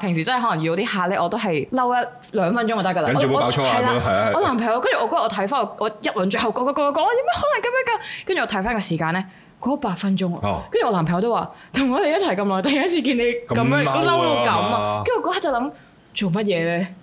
平時真係可能遇到啲客咧，我都係嬲一兩分鐘就得噶啦。張我係啦，我男朋友跟住我嗰日我睇翻我一輪，最後個個個個，我點解可能咁樣噶？跟住我睇翻個時間咧，嗰八分鐘。跟住、哦、我男朋友都話，同我哋一齊咁耐，第一次見你咁樣嬲到咁啊！跟住嗰刻就諗做乜嘢咧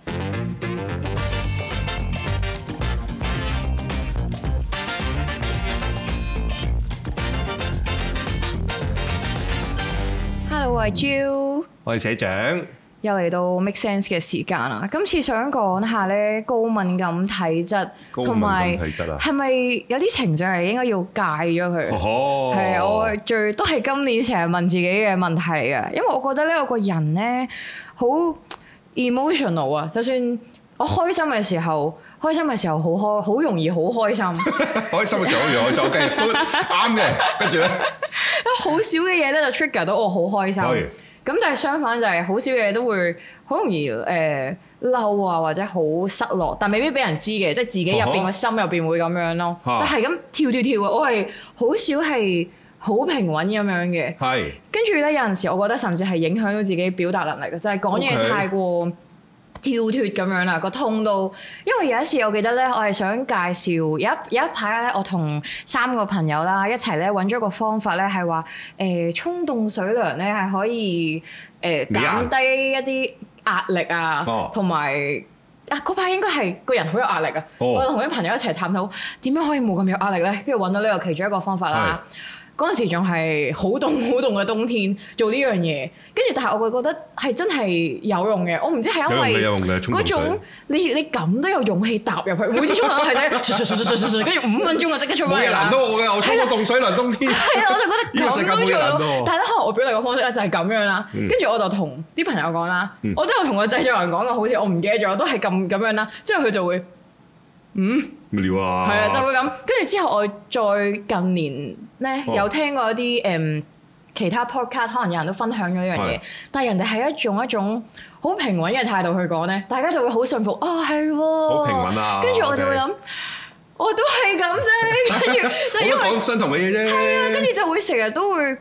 ？Hello，我係 Jil，我係社長。又嚟到 make sense 嘅時間喇！今次想講下咧，高敏感體質，同埋係咪有啲情緒係應該要戒咗佢？係、哦哦哦哦、我最都係今年成日問自己嘅問題嘅，因為我覺得咧我個人咧好 emotional 啊！就算我開心嘅時候， 開心嘅時候好開，好容易好開心。 開心嘅時候好容易 我開心，啱嘅。跟住咧，好少嘅嘢咧就 trigger 到我好開心。咁但係相反就係好少嘢都會好容易誒嬲啊，或者好失落，但未必俾人知嘅，即係自己入邊個心入邊會咁樣咯，啊、就係咁跳跳跳嘅。我係好少係好平穩咁樣嘅，跟住咧有陣時我覺得甚至係影響到自己表達能力嘅，的就係講嘢太過跳脫咁樣啦，個痛到，因為有一次我記得咧，我係想介紹有有一排咧，我同三個朋友啦一齊咧揾咗一個方法咧，係話誒沖凍水涼咧係可以誒、呃、減低一啲壓力啊，同埋啊嗰排應該係個人好有壓力啊，哦、我同啲朋友一齊探討點樣可以冇咁有，有壓力咧，跟住揾到呢個其中一個方法啦。嗰陣時仲係好凍好凍嘅冬天做呢樣嘢，跟住但係我會覺得係真係有用嘅，我唔知係因為嗰種你你咁都有勇氣踏入去，每次衝落去就，跟住 五分鐘就即刻衝翻到我嘅，我衝個凍水嚟冬天。係啊了， 我就覺得咁但係咧，可能我表達嘅方式咧就係咁樣啦。跟住、嗯、我就同啲朋友講啦、嗯，我都有同個製作人講嘅，好似我唔記得咗，都係咁咁樣啦。之後佢就會嗯，冇料啊！係啊，就會咁。跟住之後，我再近年咧，oh. 有聽過一啲誒、嗯、其他 podcast，可能有人都分享咗呢樣嘢，oh. 但係人哋係一種一種好平穩嘅態度去講咧，大家就會好信服啊，係好平穩啊。跟住我就會諗，Okay. 我都係咁啫。跟住， 我講相同嘅嘢啫。係、嗯嗯、啊，跟住就會成日都會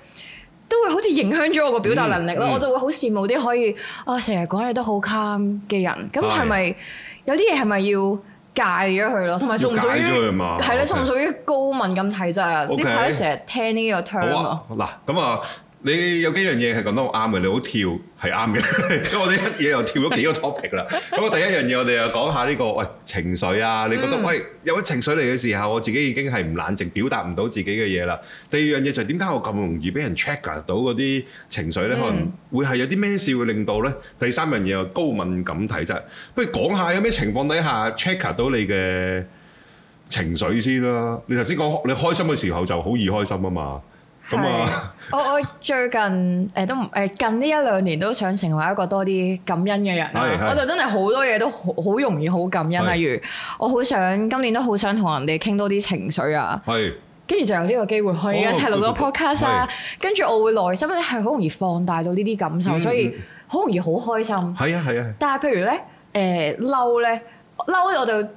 都會好似影響咗我個表達能力咯。嗯、我就會好羨慕啲可以啊，成日講嘢都好 calm 嘅人。咁係咪有啲嘢係咪要？戒咗佢咯，同埋屬唔屬於係咧？屬唔對 Okay. 屬於高敏感體質啊？呢排成日聽呢個 term 啊！嗱咁啊。你有幾樣嘢係講得好啱嘅，你好跳係啱嘅。我哋一嘢又跳咗幾個 topic 啦。咁我第一樣嘢我哋又講下呢個，喂、哎、情緒啊，你覺得喂、嗯哎、有啲情緒嚟嘅時候，我自己已經係唔冷靜，表達唔到自己嘅嘢啦。第二樣嘢就係點解我咁容易俾人 check 到嗰啲情緒咧？可能會係有啲咩事會令到咧。第三樣嘢又高敏感體質，不如講下有咩情況底下 check 到你嘅情緒先啦。你頭先講你開心嘅時候就好易開心啊嘛。係啊！我我最近誒都唔誒近呢一兩年都想成為一個多啲感恩嘅人，我就真係好多嘢都好好容易好感恩。例是如我好想今年都好想同人哋傾多啲情緒啊，係是。跟住就有呢個機會可以一齊錄多 podcast 啦、哦。跟住我會內心咧，係好容易放大到呢啲感受，嗯、所以好容易好開心。係啊係啊！啊啊但係譬如咧誒嬲咧嬲我就。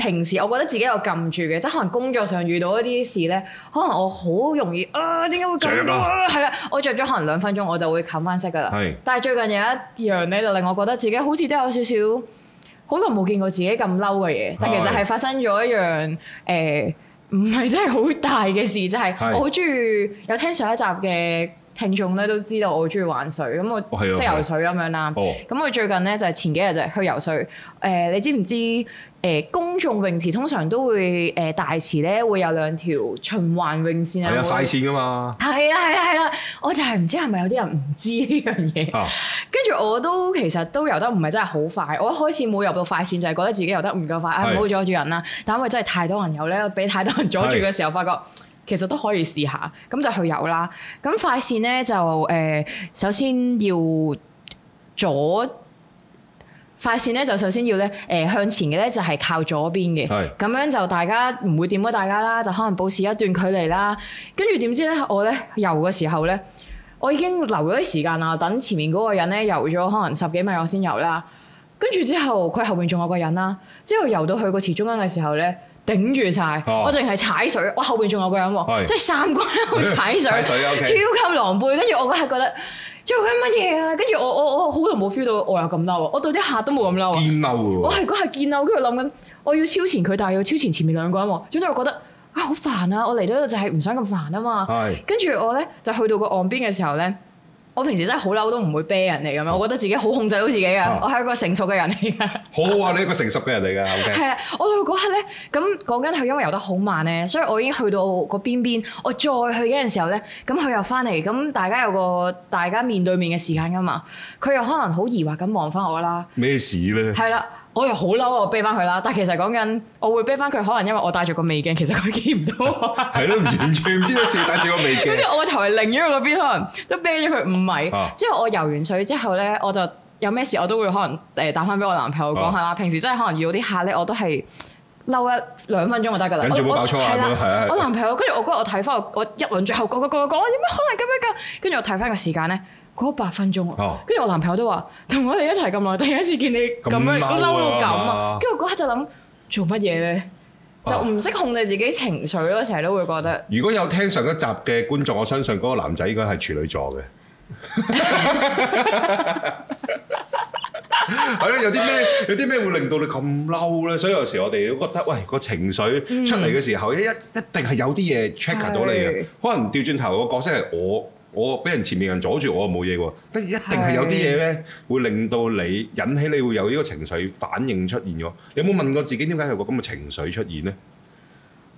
平時我覺得自己有撳住嘅，即係可能工作上遇到一啲事咧，可能我好容易啊點解會到啊？係啦，我着咗可能兩分鐘我就會冚翻色噶啦。是但係最近有一樣咧，就令我覺得自己好似都有少少好耐冇見過自己咁嬲嘅嘢。是但其實係發生咗一樣誒，唔係真係好大嘅事，就係、是、我好中意有聽上一集嘅。聽眾咧都知道我好中意玩水，咁我識游水咁樣啦。咁、哦哦、我最近咧就係、是、前幾日就去游水。誒、呃，你知唔知誒、呃？公眾泳池通常都會誒、呃、大池咧會有兩條循環泳線啊，快線噶嘛、啊。係啊係啊係啊！我就係唔知係咪有啲人唔知呢樣嘢。跟住、啊、我都其實都游得唔係真係好快。我一開始冇入到快線就係、是、覺得自己游得唔夠快，唔好是、哎、阻住人啦。但係因為真係太多人游咧，俾太多人阻住嘅時候，是 是時發覺。其實都可以試下，咁就去遊啦。咁快線咧就誒、呃，首先要左快線咧就首先要咧誒、呃、向前嘅咧就係、係、靠左邊嘅，咁係樣就大家唔會掂到大家啦，就可能保持一段距離啦。跟住點知咧，我咧遊嘅時候咧，我已經留咗啲時間啦，等前面嗰個人咧遊咗可能十幾米，我先遊啦。跟住之後，佢後邊仲有個人啦。之後游到去個池中間嘅時候咧，頂住晒。我淨係踩水。我後邊仲有個人喎，oh. 即係三個人去踩水， 水 okay. 超級狼狽。跟住我嗰刻覺得做緊乜嘢啊？跟住我我我好耐冇 feel 到我有咁嬲啊！我到啲客都冇咁嬲。喎！我係嗰刻見嬲，跟住諗緊我要超前佢，但係要超前前面兩個人喎。總之我覺得啊好、哎、煩啊！我嚟到呢度就係唔想咁煩啊嘛。跟住、oh. 我咧就去到個岸邊嘅時候咧。我平時真係好嬲，都唔會啤人嚟咁樣。我覺得自己好控制到自己嘅，啊、我係一個成熟嘅人嚟噶。好啊，你一個成熟嘅人嚟噶。係啊 okay，我去嗰刻咧，咁講緊佢因為游得好慢咧，所以我已經去到個邊邊。我再去嘅時候咧，咁佢又翻嚟，咁大家有個大家面對面嘅時間噶嘛。佢又可能好疑惑咁望翻我啦。咩事咧？係啦。我又好嬲啊！我啤翻佢啦，但係其實講緊，我會啤翻佢，可能因為我戴住個眉鏡，其實佢見唔到。 係咯，唔知唔知，戴住個眉鏡。跟住 我頭係擰咗嗰邊，可能都啤咗佢五米。啊、之後我游完水之後咧，我就有咩事我都會可能誒打翻俾我男朋友講下啦。啊、平時真係可能遇到啲客咧，我都係嬲一兩分鐘就得㗎啦。跟住冇爆粗啊！我男朋友跟住我嗰日我睇翻我，我一輪最後個個個講，點解可能咁樣㗎？跟住我睇翻個時間咧。嗰八分鐘，跟住我男朋友都話：同我哋一齊咁耐，第一次見你咁樣，我嬲到咁啊！跟住嗰刻就諗做乜嘢呢？就唔識控制自己情緒咯，成日都會覺得。如果有聽上一集嘅觀眾，我相信嗰個男仔應該係處女座嘅。係咯，有啲咩有啲咩會令到你咁嬲呢？所以有時我哋都覺得，喂個情緒出嚟嘅時候，一一定係有啲嘢 check 到你嘅，可能掉轉頭個角色係我。我俾人前面人阻住，我冇嘢喎。但係一定係有啲嘢咧，會令到你是引起你會有呢個情緒反應出現咗。你有冇問過自己點解有個咁嘅情緒出現呢？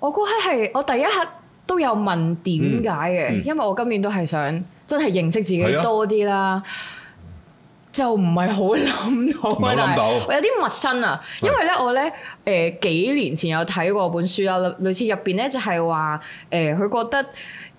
我估係我第一刻都有問點解嘅，嗯嗯、因為我今年都係想真係認識自己多啲啦。啊、就唔係好諗到，我有啲陌生啊。因為咧，我咧誒幾年前有睇過本書啦，類似入邊咧就係話誒，佢、呃、覺得。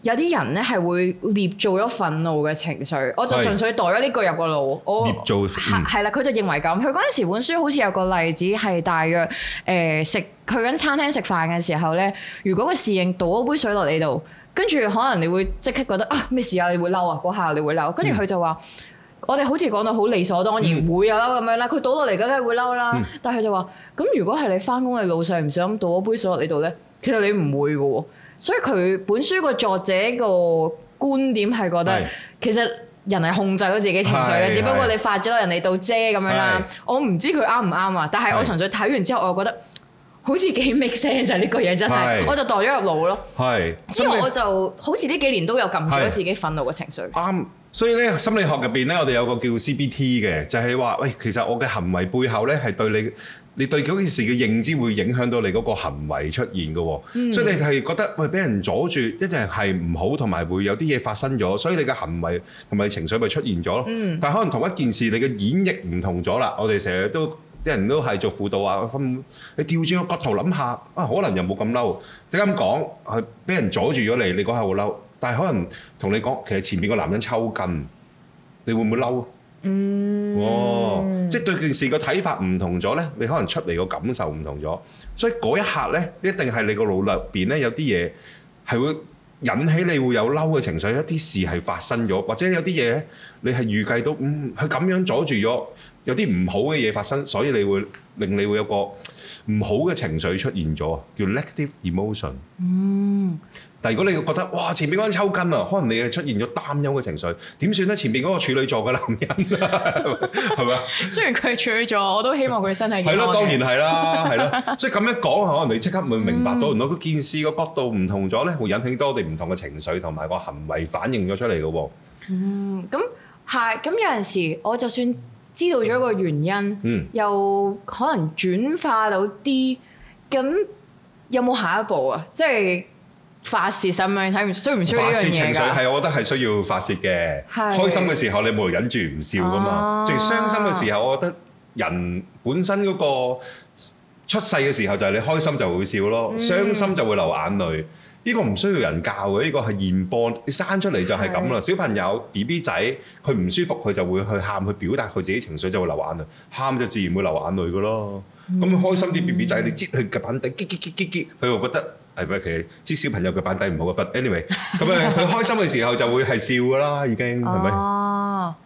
有啲人咧係會捏造咗憤怒嘅情緒，我就純粹袋咗呢句入個腦。我捏造係係啦，佢、嗯、就認為咁。佢嗰陣時本書好似有個例子係大約誒、呃、食去緊餐廳食飯嘅時候咧，如果個侍應倒一杯水落你度，跟住可能你會即刻覺得啊咩事啊？你會嬲啊，嗰下你會嬲。跟住佢就話、嗯、我哋好似講到好理所當然會有嬲咁樣啦，佢倒落嚟梗係會嬲啦。嗯、但佢就話咁如果係你翻工嘅路上唔小心倒一杯水落你度咧，其實你唔會嘅喎。所以佢本書個作者個觀點係覺得，其實人係控制咗自己情緒嘅，是只不過你發咗人哋到遮咁樣啦。是我唔知佢啱唔啱啊，是但係我純粹睇完之後，我覺得好似幾 make sense 就係呢句嘢，真係我就代咗入腦咯。係，所以之後我就好似呢幾年都有撳住咗自己憤怒嘅情緒。啱，所以咧心理學入邊咧，我哋有個叫 CBT 嘅，就係話，喂，其實我嘅行為背後咧係對你。你對嗰件事嘅認知會影響到你嗰個行為出現嘅，所以你係覺得會俾人阻住一定係唔好，同埋會有啲嘢發生咗，所以你嘅行為同埋情緒咪出現咗咯。但係可能同一件事你嘅演繹唔同咗啦。我哋成日都啲人都係做輔導啊，分你調轉個角度諗下啊，可能又冇咁嬲。即係咁講係俾人阻住咗你，你嗰下會嬲。但係可能同你講其實前面個男人抽筋，你會唔會嬲？嗯，哦，即係對件事個睇法唔同咗呢，你可能出嚟個感受唔同咗，所以嗰一刻呢，一定係你個腦裏邊呢，有啲嘢係會引起你會有嬲嘅情緒，一啲事係發生咗，或者有啲嘢你係預計到，嗯，佢咁樣阻住咗有啲唔好嘅嘢發生，所以你會令你會有個唔好嘅情緒出現咗，叫 negative emotion。嗯。但如果你覺得哇，前面嗰抽筋啊，可能你係出現咗擔憂嘅情緒，點算咧？前面嗰個處女座嘅男人，係咪啊？雖然佢係處女座，我都希望佢身體健康， 當然係啦，係 啦。所以咁樣講，可能你即刻會明白到唔咯？佢見事嘅角度唔同咗咧，會引起多啲唔同嘅情緒同埋個行為反應咗出嚟嘅。嗯，咁係，咁有陣時我就算知道咗個原因，嗯、又可能轉化到啲，咁有冇下一步啊？即係。發泄心態，需唔需要發泄一樣嘢噶？發泄情緒係，我覺得係需要發泄嘅。開心嘅時候你冇忍住唔笑噶嘛？直情傷心嘅時候，我覺得人本身嗰個出世嘅時候就係你開心就會笑咯，傷心就會流眼淚。呢個唔需要人教嘅，呢個係自然播。你生出嚟就係咁啦。小朋友 B B 仔佢唔舒服，佢就會去喊去表達佢自己情緒，就會流眼淚。喊就自然會流眼淚噶咯。咁開心啲 B B 仔，你擠佢嘅板底，激激激激激，佢又覺得。係，不過小朋友嘅板底唔好嘅，but anyway，咁啊，佢 開心嘅時候就會係笑噶啦，已經係咪？哦、啊，是是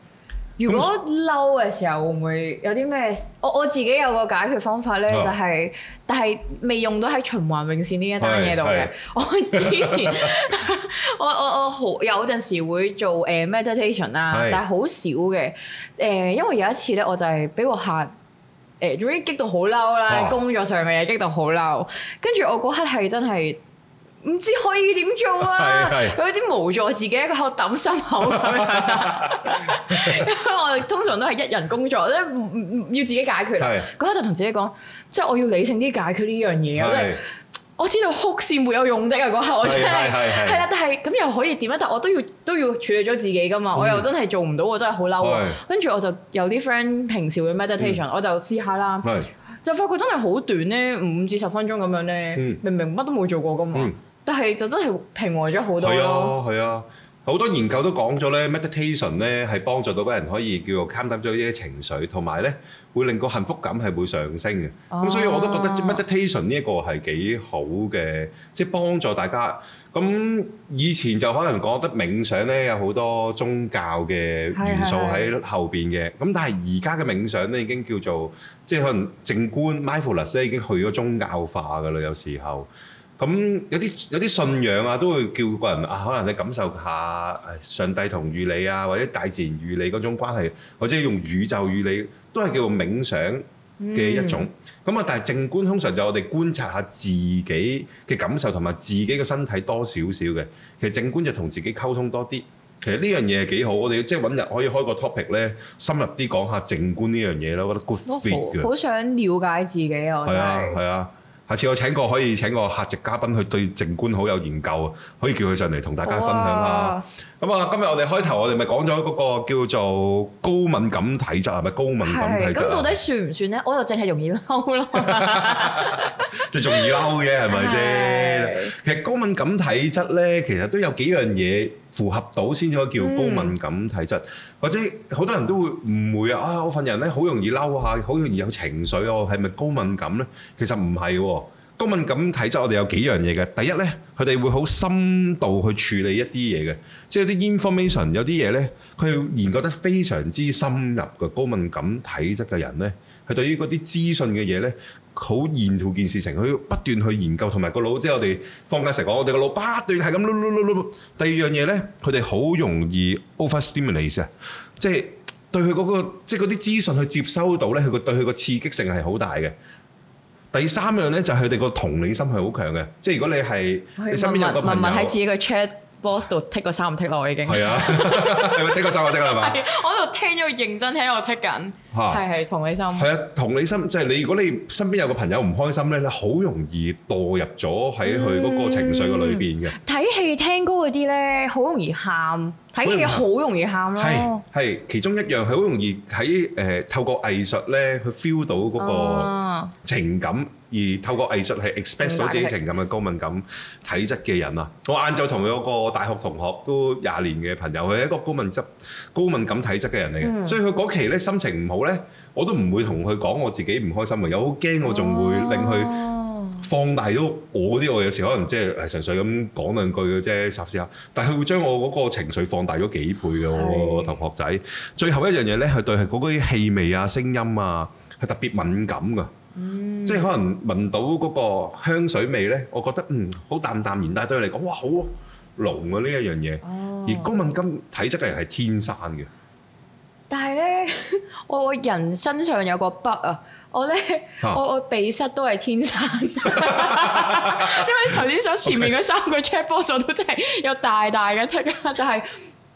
如果嬲嘅時候會唔會有啲咩？我我自己有個解決方法咧，啊、就係、是，但係未用到喺循環泳線呢一單嘢度嘅。我之前 我我我好有陣時會做誒、呃、meditation 啦是，但係好少嘅。誒、呃，因為有一次咧，我就係俾個客。誒，總之激到好嬲啦，哦、工作上嘅嘢激到好嬲，跟住、哦、我嗰刻係真係唔知可以點做啊！係係有啲無助，自己一個揼心口咁樣。 因為我哋通常都係一人工作，即係唔唔要自己解決。嗰是 刻就同自己講，即、就、係、係、我要理性啲解決呢樣嘢啊！即係是。我知道哭是沒有用的啊！嗰下我真係係啦，但係咁又可以點啊？但我都要都要處理咗自己噶嘛，嗯、我又真係做唔到，我真係好嬲，跟住我就有啲 friend 平時會 meditation，、嗯、我就試下啦，是的 就發覺真係好短咧，五至十分鐘咁樣咧，嗯、明明乜都冇做過噶嘛，嗯、但係就真係平和咗好多咯，係啊。好多研究都講咗咧，meditation 咧係幫助到啲人可以叫做 calm down 咗啲情緒，同埋咧會令個幸福感係會上升嘅。咁、哦、所以我都覺得 meditation 呢一個係幾好嘅，即、就、係、是、幫助大家。咁以前就可能覺得冥想咧有好多宗教嘅元素喺後邊嘅，咁是但係而家嘅冥想咧已經叫做即係、就是、可能靜觀 mindfulness 咧已經去咗宗教化㗎喇，有時候。咁有啲有啲信仰啊，都會叫個人啊，可能你感受下誒、哎、上帝同與你啊，或者大自然與你嗰種關係，或者用宇宙與你，都係叫做冥想嘅一種。咁啊、嗯，但係靜觀通常就我哋觀察下自己嘅感受同埋自己嘅身體多少少嘅。其實靜觀就同自己溝通多啲。其實呢樣嘢係幾好，我哋即係揾日可以開個 topic 咧，深入啲講下靜觀呢樣嘢咯。我覺得 good fit 嘅。好想了解自己，我真係！係啊！下次我請個，可以請個客席嘉賓，去對靜觀好有研究，可以叫佢上嚟同大家分享下。咁啊哇，今日我哋開頭我哋咪講咗嗰個叫做高敏感體質，係咪高敏感體質？咁到底算唔算咧？我又淨係容易嬲咯，即係容易嬲嘅係咪先？其實高敏感體質咧，其實都有幾樣嘢。符合到先至可以叫高敏感體質，嗯、或者好多人都會誤會啊！我份人咧好容易嬲下，好容易有情緒，我係咪高敏感呢？其實唔係喎，高敏感體質我哋有幾樣嘢嘅。第一呢，佢哋會好深度去處理一啲嘢嘅，即係啲 information 有啲嘢呢，佢研究得非常之深入嘅高敏感體質嘅人呢。佢對於嗰啲資訊嘅嘢咧，好研究件事情，佢不斷去研究，同埋個腦，即係我哋放假成日講，我哋個腦不斷係咁。第二樣嘢咧，佢哋好容易 overstimulate 啊、那個，即係對佢嗰個即係啲資訊去接收到咧，佢個對佢個刺激性係好大嘅。第三樣咧就係佢哋個同理心係好強嘅，即係如果你係他問 你身邊有個朋友。問問 bos 度剔個三唔剔落，已經係啊！你咪剔個三啊，剔個啦嘛！我度聽咗，佢認真喺我剔緊，係係同你心。係啊，同你心即係你。即係、如果你身邊有個朋友唔開心咧，你好容易墮入咗喺佢嗰個情緒嘅裏邊嘅。睇戲、嗯、聽歌嗰啲咧，好容易喊，睇戲好容易喊咯。係係，其中一樣係好容易喺誒、呃、透過藝術咧去 feel 到嗰個情感，啊。而透過藝術係 express 到自己情感嘅高敏感體質嘅人啊，我晏晝同我個大學同學都廿年嘅朋友，佢係一個高敏質、高敏感體質嘅人嚟嘅，嗯、所以佢嗰期咧心情唔好咧，我都唔會同佢講我自己唔開心啊。有好驚，我仲會令佢放大咗我嗰啲，我、啊、有時可能即係純粹咁講兩句嘅啫，霎時啊，但係佢會將我嗰個情緒放大咗幾倍嘅喎，是的 我同學仔。最後一樣嘢咧，係對嗰啲氣味啊、聲音啊，係特別敏感㗎。即係可能聞到嗰個香水味咧，我覺得嗯，好淡淡然，但係對你嚟講，哇，好濃嘅呢一樣嘢。而高敏感體質嘅人係天生嘅。但係咧，我個人身上有個 bug 啊！我咧，我我鼻塞都係天生，因為頭先所前面嗰三個 check box 我都真係有大大嘅 tick 啊！就係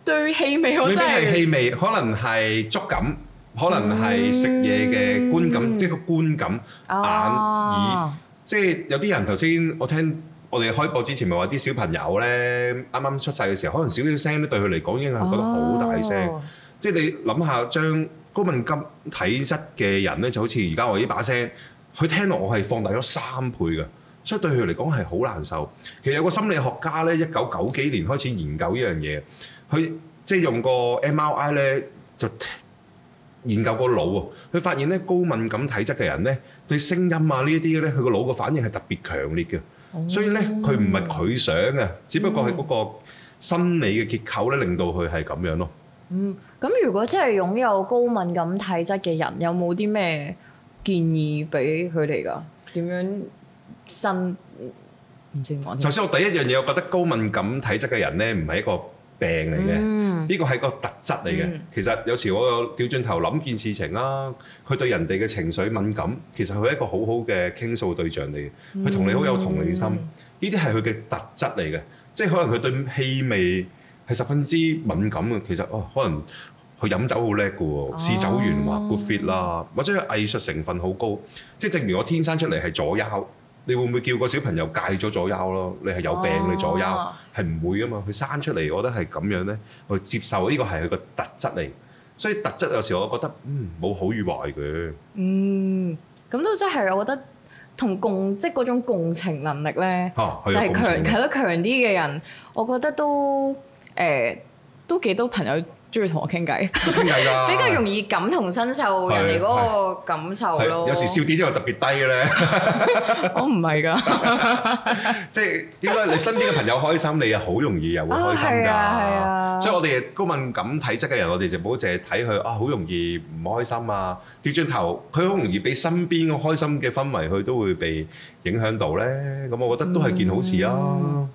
對氣味，未必係氣味，可能係觸感。可能係食嘢嘅觀感，即係個觀感眼耳，即係有啲人頭先我聽我哋開播之前，咪話啲小朋友咧，啱啱出世嘅時候，可能少少聲都對佢嚟講已經係覺得好大聲。即係你諗下，將高敏感體質嘅人咧，就好似而家我呢把聲，佢聽落我係放大咗三倍嘅，所以對佢嚟講係好難受。其實有個心理學家咧，一九九幾年開始研究呢樣嘢，佢即係用個 MRI 咧就。研究個腦啊，佢發現咧高敏感體質嘅人咧，對聲音啊呢一啲咧，佢個腦個反應係特別強烈嘅，哦、所以咧佢唔係佢想嘅，嗯、只不過係嗰個心理嘅結構咧令到佢係咁樣咯。嗯，咁如果真係擁有高敏感體質嘅人，有冇啲咩建議俾佢哋㗎？點樣新唔知講？首先，我第一樣嘢，我覺得高敏感體質嘅人咧，唔係一個。病嚟嘅，呢個係個特質嚟嘅。嗯、其實有時我掉轉頭諗件事情啦，佢對人哋嘅情緒敏感，其實佢係一個好好嘅傾訴對象嚟嘅。佢同你好有同理心，呢啲係佢嘅特質嚟嘅。即係可能佢對氣味係十分之敏感嘅。其實哦，可能佢飲酒好叻㗎喎，哦、試酒員話 good fit 啦，或者佢藝術成分好高，即係正如我天生出嚟係左右你會唔會叫個小朋友戒咗左優咯？你係有病你左優，係唔、啊、會啊嘛？佢生出嚟，我覺得係咁樣咧，去接受呢個係佢個特質嚟，所以特質有時我覺得，嗯，冇好與壞嘅。嗯，咁都真係，我覺得同共即係嗰種共情能力咧，啊、就係強係咯，共情強啲嘅人，我覺得都誒、欸、都幾多朋友。中意同我傾偈，比較容易感同身受人哋嗰個感受。有時笑點因為特別低嘅咧，我唔係㗎，即係點解你身邊嘅朋友開心，你又好容易又會開心㗎。所以我哋高敏感體質嘅人，我哋就唔好淨係睇佢啊，好容易唔開心啊。調轉頭，佢好容易俾身邊嘅開心嘅氛圍，佢都會被影響到咧。咁我覺得都係件好事啊。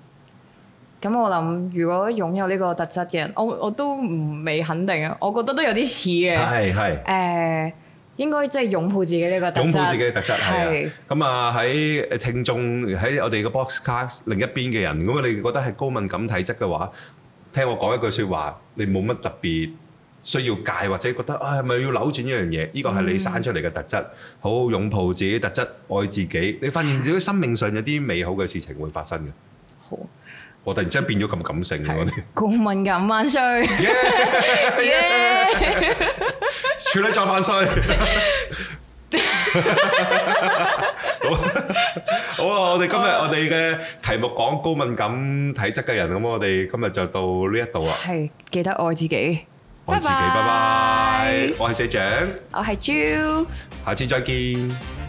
咁我諗，如果擁有呢個特質嘅人，我我都唔未肯定啊。我覺得都有啲似嘅，係係誒，應該即係擁抱自己呢個特質。擁抱自己嘅特質係啊。咁啊，喺聽眾喺我哋個 Podcast 另一邊嘅人，如果你覺得係高敏感體質嘅話，聽我講一句説話，你冇乜特別需要戒或者覺得啊，係咪要扭轉呢樣嘢？呢個係你生出嚟嘅特質，好好擁抱自己特質，愛自己。你發現自己生命上有啲美好嘅事情會發生嘅。我突然之間變咗咁感性是，嗰啲高敏感萬歲，處理再萬歲，好好啊！我哋今日我哋嘅題目講高敏感體質嘅人，咁我哋今日就到呢一度啦。係記得愛自己，愛自己，拜拜 bye。Bye bye 我係社長，我係 Jil 下次再見。